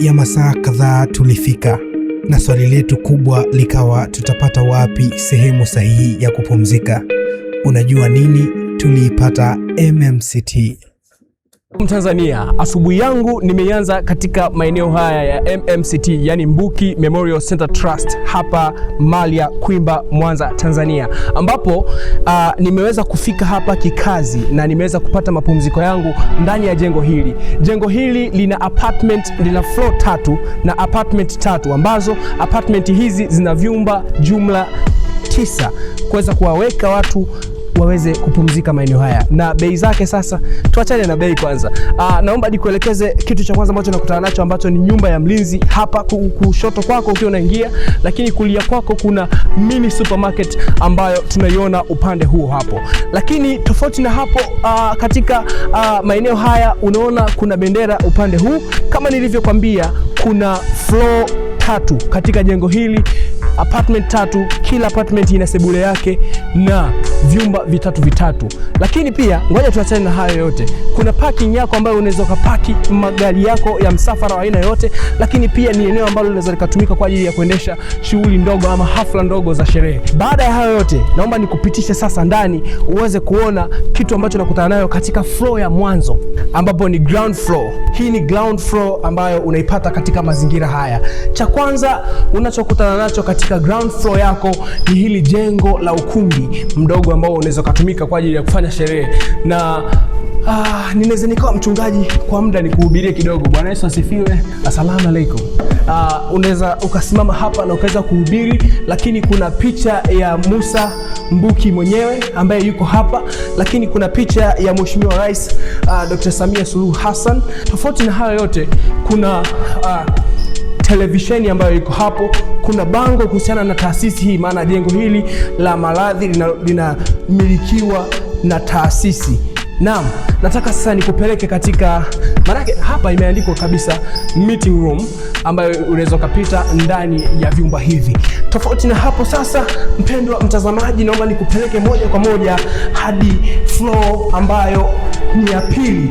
ya masaa kadhaa tulifika, na swali letu kubwa likawa tutapata wapi sehemu sahihi ya kupumzika. Unajua nini, tuliipata MMCT. Mtanzania, asubuhi yangu nimeanza katika maeneo haya ya MMCT, yani Mbuki Memorial Center Trust hapa Malya Kwimba, Mwanza, Tanzania, ambapo uh, nimeweza kufika hapa kikazi na nimeweza kupata mapumziko yangu ndani ya jengo hili. Jengo hili lina apartment, lina floor tatu na apartment tatu ambazo apartment hizi zina vyumba jumla tisa kuweza kuwaweka watu waweze kupumzika maeneo haya na bei zake. Sasa tuachane na bei kwanza. Aa, ah, naomba nikuelekeze kitu cha kwanza ambacho nakutana nacho ambacho ni nyumba ya mlinzi. Hapa kushoto kwako ukiwa unaingia, lakini kulia kwako kuna mini supermarket ambayo tunaiona upande huo hapo, lakini tofauti na hapo aa, ah, katika ah, maeneo haya unaona kuna bendera upande huu, kama nilivyokwambia kuna floor tatu katika jengo hili apartment tatu, kila apartment ina sebule yake na vyumba vitatu vitatu. Lakini pia ngoja tuachane na hayo yote, kuna parking yako ambayo unaweza ukapaki magari yako ya msafara wa aina yote, lakini pia ni eneo ambalo linaweza likatumika kwa ajili ya kuendesha shughuli ndogo ama hafla ndogo za sherehe. Baada ya hayo yote, naomba nikupitishe sasa ndani uweze kuona kitu ambacho nakutana nayo katika floor ya mwanzo ambapo ni ground floor. Hii ni ground floor ambayo unaipata katika mazingira haya. Cha kwanza unachokutana nacho katika katika ground floor yako ni hili jengo la ukumbi mdogo ambao unaweza ukatumika kwa ajili ya kufanya sherehe na Ah, ninaweza nikawa mchungaji kwa muda nikuhubirie kidogo. Bwana Yesu asifiwe. Asalamu alaikum. Ah, unaweza ukasimama hapa na ukaweza kuhubiri, lakini kuna picha ya Musa Mbuki mwenyewe ambaye yuko hapa, lakini kuna picha ya Mheshimiwa Rais uh, ah, Dr. Samia Suluhu Hassan. Tofauti na hayo yote kuna uh, televisheni ambayo iko hapo, kuna bango kuhusiana na taasisi hii, maana jengo hili la maradhi linamilikiwa lina na taasisi Naam, nataka sasa nikupeleke katika, maanake hapa imeandikwa kabisa meeting room ambayo unaweza ukapita ndani ya vyumba hivi. Tofauti na hapo sasa, mpendwa mtazamaji, naomba nikupeleke moja kwa moja hadi floor ambayo ni ya pili.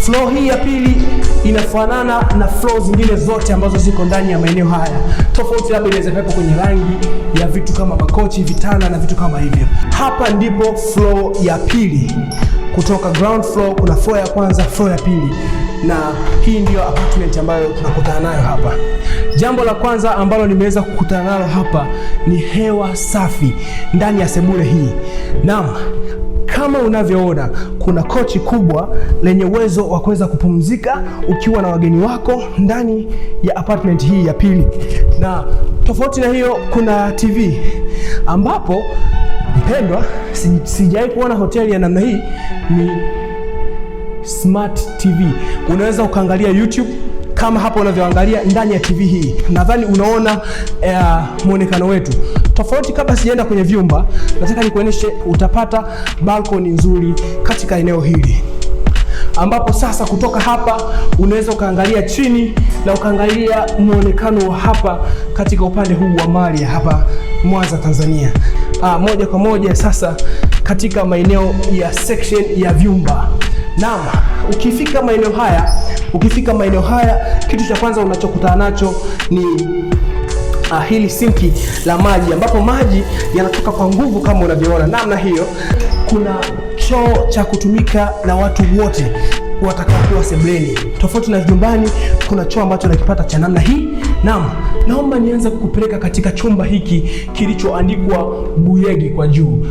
Floor hii ya pili inafanana na floor zingine zote ambazo ziko ndani ya maeneo haya, tofauti labda inaweza kuwepo kwenye rangi ya vitu kama makochi, vitanda na vitu kama hivyo. Hapa ndipo floor ya pili kutoka ground floor, kuna floor ya kwanza, floor ya pili, na hii ndiyo apartment ambayo tunakutana nayo hapa. Jambo la kwanza ambalo nimeweza kukutana nalo hapa ni hewa safi ndani ya sebule hii. Naam, kama unavyoona kuna kochi kubwa lenye uwezo wa kuweza kupumzika ukiwa na wageni wako ndani ya apartment hii ya pili, na tofauti na hiyo kuna TV ambapo Mpendwa, sijawahi kuona hoteli ya namna hii. Ni smart TV, unaweza ukaangalia YouTube kama hapa unavyoangalia ndani ya TV hii. Nadhani unaona uh, eh, muonekano wetu tofauti. Kabla sijaenda kwenye vyumba, nataka nikuonyeshe, utapata balkoni nzuri katika eneo hili, ambapo sasa kutoka hapa unaweza ukaangalia chini na ukaangalia muonekano wa hapa katika upande huu wa mali hapa Mwanza, Tanzania uh, moja kwa moja sasa katika maeneo ya section ya vyumba. Naam, ukifika maeneo haya, ukifika maeneo haya, kitu cha kwanza unachokutana nacho ni Uh, hili sinki la maji ambapo maji yanatoka kwa nguvu kama unavyoona namna hiyo. Kuna choo cha kutumika na watu wote watakaokuwa sebleni, tofauti na vyumbani. Kuna choo ambacho unakipata cha namna hii Naam, naomba nianze kukupeleka katika chumba hiki kilichoandikwa Buyegi kwa juu.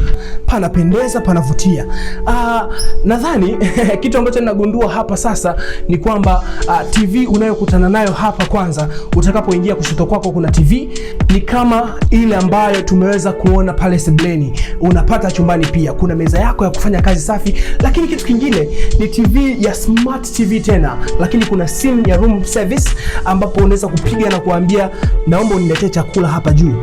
Panapendeza, panavutia. Ah, nadhani kitu ambacho ninagundua hapa sasa ni kwamba ah, TV unayokutana nayo hapa kwanza, utakapoingia kushoto kwako kuna TV ni kama ile ambayo tumeweza kuona pale sebleni, unapata chumbani pia. Kuna meza yako ya kufanya kazi safi, lakini kitu kingine ni TV ya smart TV tena, lakini kuna simu ya room service ambapo unaweza kupiga na kuambia naomba uniletee chakula hapa juu,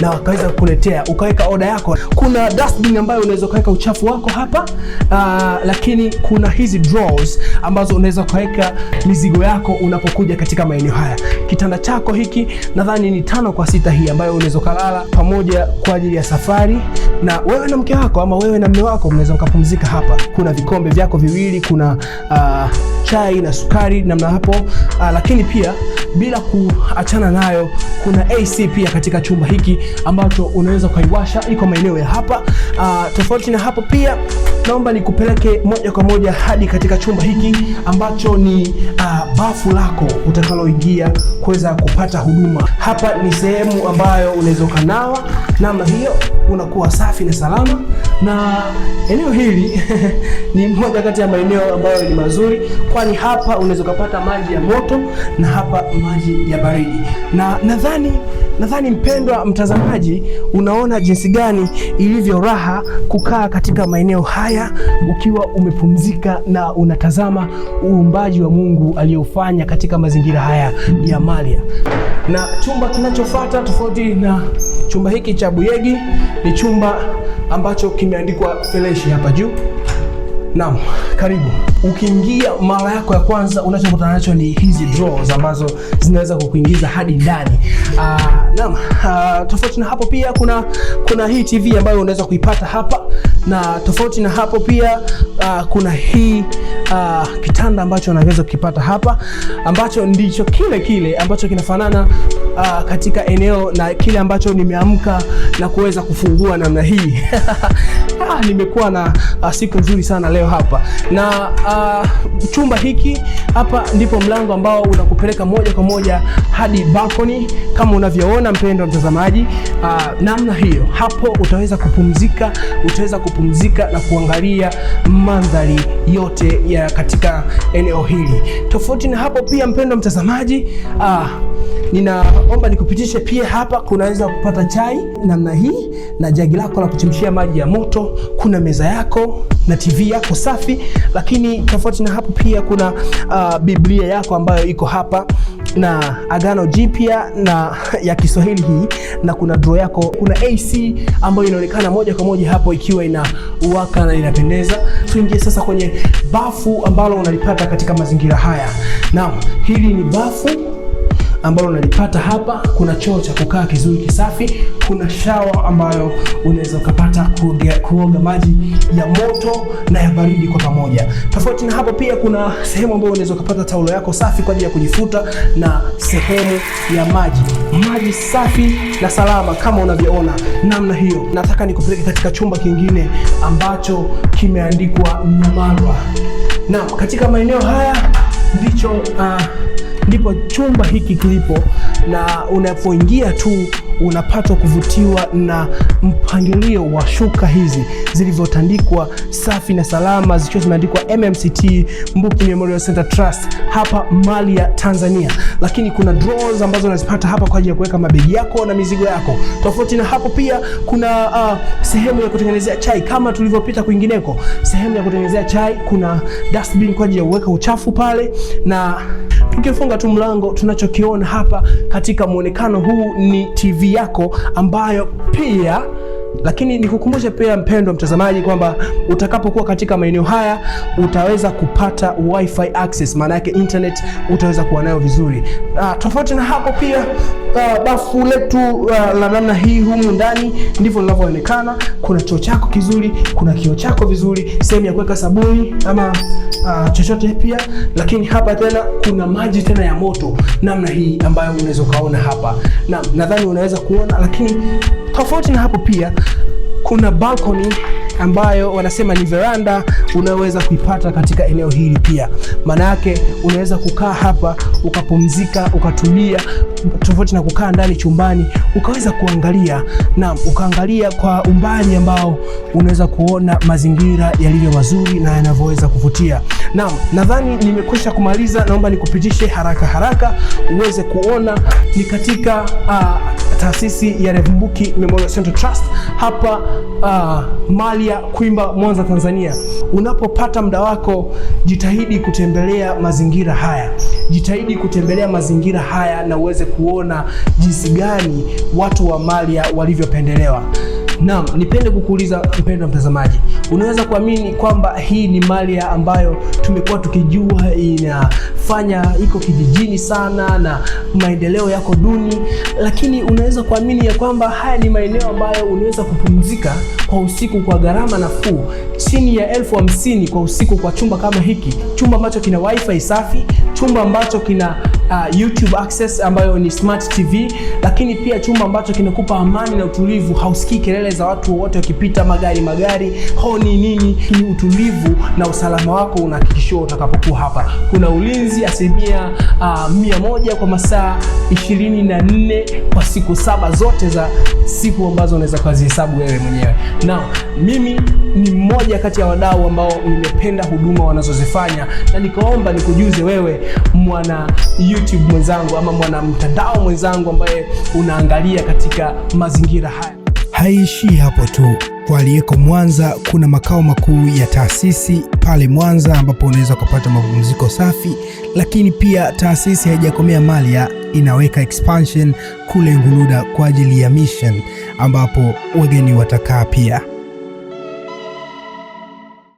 na wakaweza kukuletea ukaweka oda yako. Kuna dustbin ambayo unaweza ukaweka uchafu wako hapa uh, lakini kuna hizi drawers ambazo unaweza ukaweka mizigo yako unapokuja katika maeneo haya. Kitanda chako hiki nadhani ni tano kwa sita hii ambayo unaweza kulala pamoja kwa ajili ya safari, na wewe na mke wako ama wewe na mume wako mnaweza mkapumzika hapa. Kuna vikombe vyako viwili, kuna uh, chai na sukari namna hapo uh, lakini pia bila kuachana nayo kuna AC pia katika chumba hiki ambacho unaweza ukaiwasha, iko maeneo ya hapa uh, tofauti na hapo pia naomba nikupeleke moja kwa moja hadi katika chumba hiki ambacho ni uh, bafu lako utakaloingia kuweza kupata huduma. Hapa ni sehemu ambayo unaweza ukanawa namna hiyo, unakuwa safi na salama, na eneo hili ni moja kati ya maeneo ambayo ni mazuri, kwani hapa unaweza ukapata maji ya moto na hapa maji ya baridi, na nadhani Nadhani mpendwa mtazamaji, unaona jinsi gani ilivyo raha kukaa katika maeneo haya ukiwa umepumzika na unatazama uumbaji wa Mungu aliyofanya katika mazingira haya ya Malia. Na chumba kinachofuata, tofauti na chumba hiki cha Buyegi, ni chumba ambacho kimeandikwa Feleshi hapa juu. Naam, karibu. Ukiingia mara yako ya kwanza, unachokutana nacho ni hizi draws ambazo zinaweza kukuingiza hadi ndani. Uh, Naam, uh, tofauti na hapo pia kuna kuna hii TV ambayo unaweza kuipata hapa, na tofauti na hapo pia uh, kuna hii uh, kitanda ambacho unaweza kukipata hapa ambacho ndicho kile kile ambacho kinafanana uh, katika eneo na kile ambacho nimeamka na kuweza kufungua namna hii. Ah, nimekuwa na uh, siku nzuri sana leo hapa na uh, chumba hiki hapa ndipo mlango ambao unakupeleka moja kwa moja hadi balcony kama unavyoona mpendwa mtazamaji. Uh, namna hiyo hapo utaweza kupumzika, utaweza kupumzika na kuangalia mandhari yote ya katika eneo hili. Tofauti na hapo pia mpendwa mtazamaji, uh, ninaomba nikupitishe pia hapa, kunaweza kupata chai namna hii na jagi lako la kuchemshia maji ya moto, kuna meza yako na TV yako safi, lakini tofauti na hapo pia kuna uh, Biblia yako ambayo iko hapa na Agano Jipya na ya Kiswahili hii, na kuna draw yako, kuna AC ambayo inaonekana moja kwa moja hapo ikiwa inawaka na inapendeza. Tuingie sasa kwenye bafu ambalo unalipata katika mazingira haya. Naam, hili ni bafu ambalo unalipata hapa. Kuna choo cha kukaa kizuri kisafi, kuna shawa ambayo unaweza ukapata kuoga maji ya moto na ya baridi kwa pamoja. Tofauti na hapo, pia kuna sehemu ambayo unaweza ukapata taulo yako safi kwa ajili ya kujifuta na sehemu ya maji, maji safi na salama kama unavyoona namna hiyo. Nataka nikupeleke katika chumba kingine ambacho kimeandikwa Mnyamalwa, Na katika maeneo haya ndicho uh, ndipo chumba hiki kilipo, na unapoingia tu unapatwa kuvutiwa na mpangilio wa shuka hizi zilivyotandikwa safi na salama, zikiwa zimeandikwa MMCT Mbuki Memorial Center Trust hapa Mali ya Tanzania. Lakini kuna drawers ambazo unazipata hapa kwa ajili ya kuweka mabegi yako na mizigo yako. Tofauti na hapo, pia kuna uh, sehemu ya kutengenezea chai kama tulivyopita kwingineko. Sehemu ya kutengenezea chai kuna dustbin kwa ajili ya kuweka uchafu pale na Ukifunga tu mlango, tunachokiona hapa katika mwonekano huu ni TV yako ambayo pia lakini nikukumbushe pia mpendwa mtazamaji kwamba utakapokuwa katika maeneo haya utaweza kupata wifi access, maana yake internet utaweza kuwa nayo vizuri. Uh, tofauti na hapo pia uh, bafu letu uh, la namna hii humu ndani ndivyo linavyoonekana. Kuna choo chako kizuri, kuna kio chako vizuri, sehemu ya kuweka sabuni ama uh, chochote pia. Lakini hapa tena kuna maji tena ya moto namna hii ambayo unaweza ukaona hapa, na nadhani unaweza kuona lakini Tofauti na hapo pia kuna balcony ambayo wanasema ni veranda, unaweza kuipata katika eneo hili pia. Maana yake unaweza kukaa hapa ukapumzika, ukatulia, tofauti na kukaa ndani chumbani, ukaweza kuangalia na ukaangalia kwa umbali ambao unaweza kuona mazingira yalivyo mazuri na yanavyoweza kuvutia. Naam, nadhani nimekwisha kumaliza, naomba nikupitishe haraka haraka uweze kuona ni katika uh, taasisi ya Rev Mbuki Memorial Central Trust hapa uh, Malia Kwimba, Mwanza, Tanzania. Unapopata muda wako, jitahidi kutembelea mazingira haya, jitahidi kutembelea mazingira haya na uweze kuona jinsi gani watu wa Malia walivyopendelewa. Naam, nipende kukuuliza mpendwa mtazamaji, unaweza kuamini kwamba hii ni mali ambayo tumekuwa tukijua inafanya iko kijijini sana na maendeleo yako duni, lakini unaweza kuamini ya kwamba haya ni maeneo ambayo unaweza kupumzika kwa usiku kwa gharama nafuu chini ya elfu hamsini kwa usiku kwa chumba kama hiki, chumba ambacho kina wifi safi, chumba ambacho kina uh, YouTube access ambayo ni smart TV, lakini pia chumba ambacho kinakupa amani na utulivu. Hausikii kelele za watu wote wakipita, magari magari, honi nini. Ni utulivu na usalama wako unahakikishiwa utakapokuwa hapa. Kuna ulinzi asilimia uh, mia moja kwa masaa nne kwa siku saba zote za siku ambazo unaweza kuzihesabu wewe mwenyewe. Now mimi ni mmoja kati ya wadau ambao nimependa huduma wanazozifanya, na nikaomba nikujuze wewe mwana YouTube mwenzangu ama mwana mtandao mwenzangu ambaye unaangalia katika mazingira haya. haiishii hapo tu. Kwa aliyeko Mwanza kuna makao makuu ya taasisi pale Mwanza ambapo unaweza kupata mapumziko safi, lakini pia taasisi haijakomea ya inaweka expansion kule Nguluda kwa ajili ya mission ambapo wageni watakaa pia.